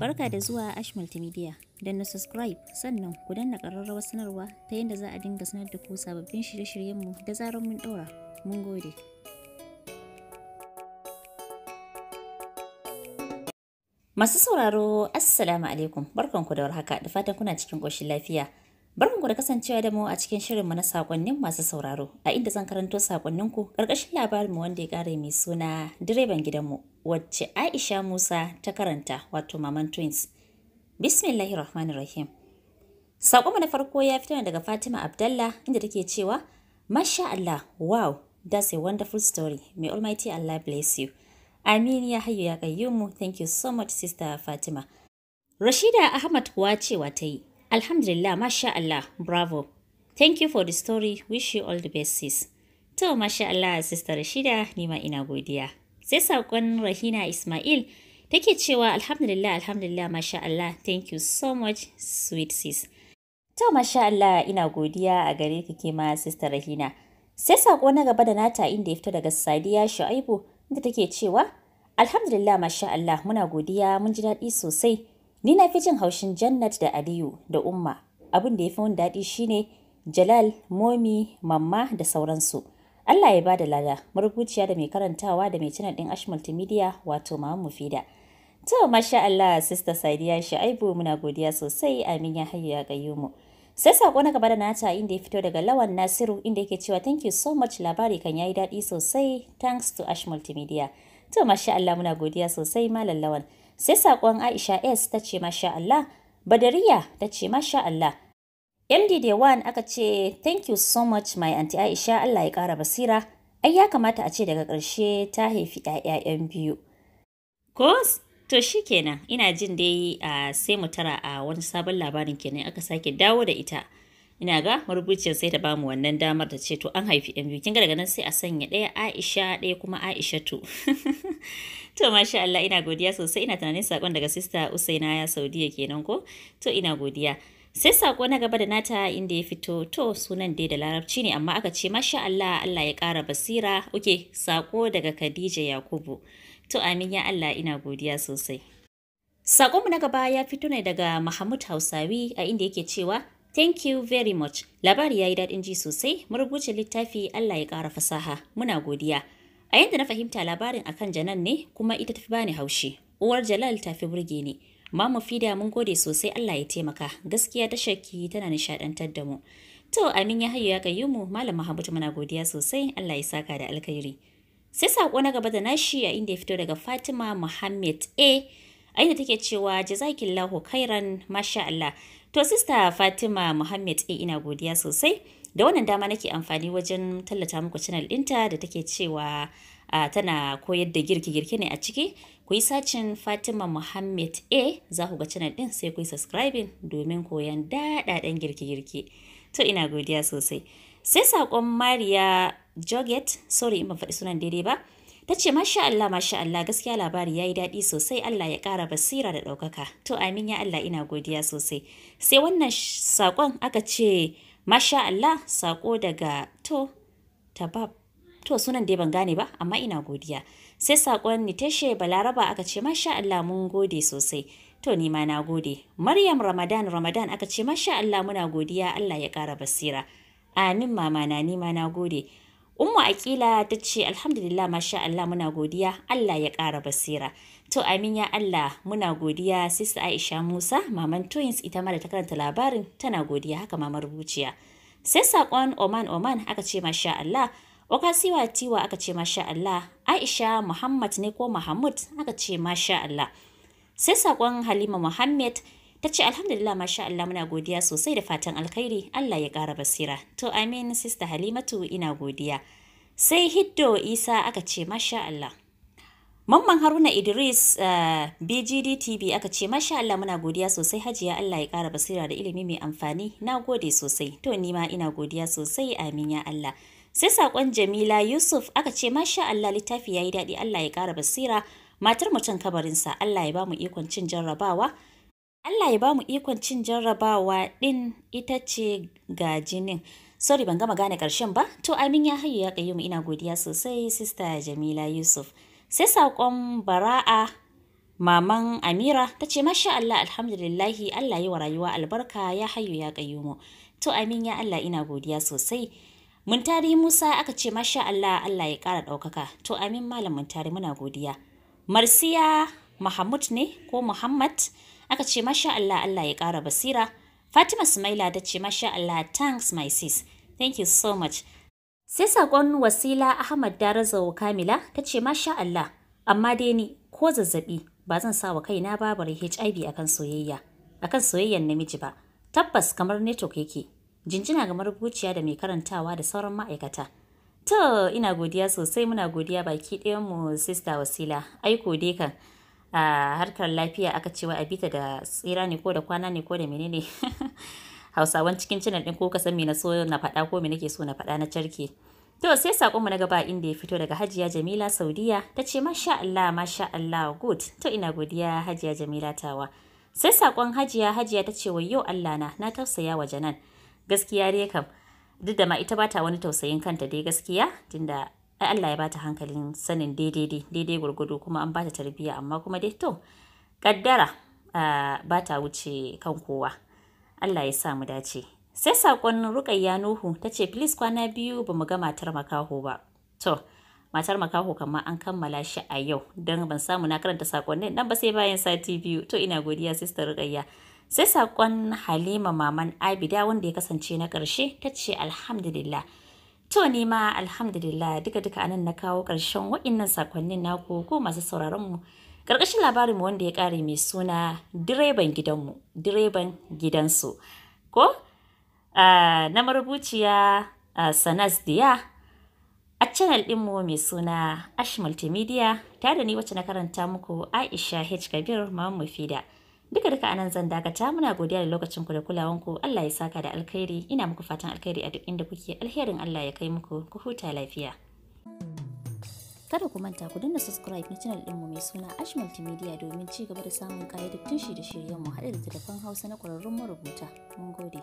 Barka da zuwa Ash Multimedia. Don na subscribe sannan ku danna ƙararrawar sanarwa ta yadda za a dinga sanar da ku sababbin shirye-shiryenmu da zarar mun ɗora. Mun gode. Masu sauraro, Assalamu alaikum, barkanku da warhaka da fatan kuna cikin ƙoshin lafiya. mu da kasancewa da mu a cikin shirinmu na sakonnin masu sauraro, a inda zan karanto sakonninku ƙarƙashin labarinmu wanda ya ƙare mai suna direban gidanmu, wacce Aisha Musa ta karanta wato Maman Twins. sakon Sakonmu na farko ya fito daga Fatima Abdallah inda take cewa, Masha Allah, wow, that's a wonderful story. May Almighty Allah bless you. Amin ya hayo ya kayyumu. Thank you so much, Sister Fatima. Rashida Ahmad kuwa cewa ta yi, Alhamdulillah, Masha Allah, bravo. Thank you for the story, wish you all the best sis. To, Masha Allah, Sister Rashida, nima ina godiya. Sai saƙon Rahina Ismail take cewa Alhamdulillah, Alhamdulillah, Masha Allah, thank you so much, sweet sis. To, Masha Allah, ina godiya a gare ka ke ma Sister Rahina. Sai saƙo na gaba da nata inda ya fito daga Sadiya Shu'aibu inda take cewa Alhamdulillah, Masha Allah, muna godiya, mun ji daɗi sosai. Ni na fi jin haushin Jannat da Aliyu da Umma. Abin da ya fi daɗi shine Jalal, Momi, Mamma da sauransu. Allah ya bada lada, marubuciya da mai karantawa da mai channel ɗin Ash Multimedia wato Mama Mufida. To masha Allah sista Sadiya Shaibu muna godiya sosai amin ya hayya ya mu Sai sako na gaba da nata inda ya fito daga Lawan Nasiru inda yake cewa thank you so much labari kan yayi daɗi sosai thanks to Ash Multimedia. To masha Allah muna godiya sosai Malam Lawan. sai saƙon Aisha S ta ce masha Allah, Badariya ta ce masha Allah. MD Day One aka ce thank you so much my aunty Aisha Allah ya ƙara basira, ai ya kamata a ce daga ƙarshe ta haifi ‘ya'ya'yan biyu. Kos, to shi kenan ina jin dai ah, sai mu tara a wani sabon labarin kenan aka sake dawo da ita. ina ga marubuciyar sai ta bamu wannan damar ta ce to an haifi yan biyu kin ga daga nan sai a sanya ɗaya Aisha ɗaya kuma aisha to masha Allah ina godiya sosai ina tunanin sakon daga sister Usaina ya Saudiya kenan ko to ina godiya sai sako na gaba da nata inda ya fito to sunan dai da larabci ne amma aka ce masha Allah Allah ya kara basira oke sako daga Khadija Yakubu to amin ya Allah ina godiya sosai Sakonmu na gaba ya fito ne daga Mahmud Hausawi a inda yake cewa Thank you very much. Labari ya yi daɗin ji sosai, marubucin littafi Allah ya ƙara fasaha. Muna godiya. A yadda na fahimta labarin akan Janan ne kuma ita tafi bani haushi. Uwar Jalal ta fi burge ni. Mamu Fida mun gode sosai Allah ya taimaka. Gaskiya ta shakki tana nishaɗantar da mu. To Amin ya hayo ya mu Malam Mahabutu muna godiya sosai Allah ya saka da alkhairi. Sai saƙo na gaba da nashi a inda ya fito daga Fatima Muhammad A. Aida take cewa jazakillahu kairan masha Allah. To sista Fatima Muhammad e eh, ina godiya sosai da wannan dama nake amfani wajen tallata muku channel ɗinta da take cewa tana koyar da girke-girke ne a ciki ku yi sacin Fatima Muhammad A eh, za ku ga channel ɗin sai ku yi subscribing domin koyan daɗaɗen girke-girke. To ina godiya sosai. Sai saƙon Maria Joget, sorry in ba faɗi sunan daidai ba, Ta ce masha Allah masha Allah gaskiya labari ya yi daɗi sosai Allah ya ƙara basira da ɗaukaka. To amin ya Allah ina godiya sosai. Sai wannan saƙon aka ce masha Allah saƙo daga to tabab to sunan dai ban gane ba amma ina godiya sai sakon niteshe balaraba aka ce masha Allah mun gode sosai to ni ma na gode maryam ramadan ramadan aka ce masha Allah muna godiya Allah ya kara basira amin mama na ni ma na gode umma akila ta ce alhamdulillah masha Allah muna godiya Allah ya ƙara basira. To amin ya Allah muna godiya sista Aisha Musa maman twins ita ma da ta karanta labarin tana godiya haka mama rubuciya Sai saƙon Oman Oman aka ce masha Allah Okasiwa Tiwa aka ce masha Allah Aisha Muhammad ne ko Mahmud aka ce masha Allah. Sai saƙon Halima Muhammad Ta ce alhamdulillah masha Allah muna godiya sosai da fatan alkhairi Allah ya kara basira. To amin sista Halimatu ina godiya. Sai Hiddo Isa aka ce masha Allah. Mamman Haruna Idris uh, eh, BGD TV aka ce masha Allah muna godiya sosai hajiya Allah ya kara basira da ilimi mai amfani. Na gode sosai. To ni ma ina godiya sosai amin ya Allah. Sai saƙon Jamila Yusuf aka ce masha Allah littafi ya yi daɗi Allah ya kara basira. Matar mutum kabarinsa Allah ya ba mu ikon cin jarrabawa. Allah ya bamu ikon cin jarrabawa ɗin ita ce ga jinin. Sorry ban gama gane ƙarshen ba, to amin ya hayu ya kayi mu ina godiya sosai sista Jamila Yusuf. Sai saƙon bara'a maman Amira ta ce masha Allah alhamdulillahi Allah yi wa rayuwa albarka ya hayu ya kayi mu. To amin ya Allah ina godiya sosai. Muntari Musa aka ce masha Allah Allah ya ƙara ɗaukaka. To amin malam Muntari muna godiya. Marsiya Mahmud ne ko Muhammad? aka ce masha Allah Allah ya ƙara basira Fatima Sumaila ta ce masha Allah thanks my sis thank you so much sai sakon wasila Ahmad Darazawo Kamila ta ce masha Allah amma dai ni ko zazzabi ba zan sa wa kaina babar HIV akan soyayya akan soyayyar namiji ba tabbas kamar network yake jinjina ga marubuciya da mai karantawa da sauran ma'aikata to ina godiya sosai muna godiya baki ɗayan mu sister wasila aiko dai kan a harkar lafiya aka cewa a bita da tsira ne ko da kwana ne ko da menene hausawan cikin cinan ɗin ko ka san me na so na faɗa ko me nake so na faɗa na carke to sai sakonmu na gaba inda ya fito daga hajiya jamila saudiya ta ce masha allah masha allah good to ina godiya hajiya jamila tawa sai sakon hajiya hajiya ta ce yau allah na na tausaya wa janan gaskiya dai kam duk da ma ita ba ta wani tausayin kanta dai gaskiya tunda ai Allah ya bata hankalin sanin daidai daidai gwargwado kuma an bata tarbiyya amma kuma dai to kaddara ba ta wuce kan kowa Allah ya sa mu dace sai sakon Rukayya Nuhu ta ce please kwana biyu ba mu ga matar makaho ba to matar makaho kamar an kammala shi a yau don ban samu na karanta sakonnin nan ba sai bayan sati biyu to ina godiya sister Rukayya sai sakon halima maman abida wanda ya kasance na karshe ta ce alhamdulillah To ne ma alhamdulillah duka duka anan na kawo ƙarshen waɗannan sakonnin naku ko masu sauraron mu. Ƙarƙashin labarin mu wanda ya ƙare mai suna direban gidanmu, direban gidansu. Ko? Uh, na marubuciya uh, Sanas Diya a channel ɗinmu mai suna Ash Multimedia tare da ni wacce na karanta muku Aisha H. Kabir Mamu Fida. duka duka a nan zan dakata muna godiya da lokacin ku da kulawan ku Allah ya saka da alkhairi ina muku fatan alkhairi a duk inda kuke alherin Allah ya kai muku ku huta lafiya kada ku manta ku dinna subscribe na channel ɗinmu mai suna ash multimedia domin ci gaba da samun kayyadattun shirye-shiryenmu haɗe da telefon hausa na ƙwararrun marubuta mun gode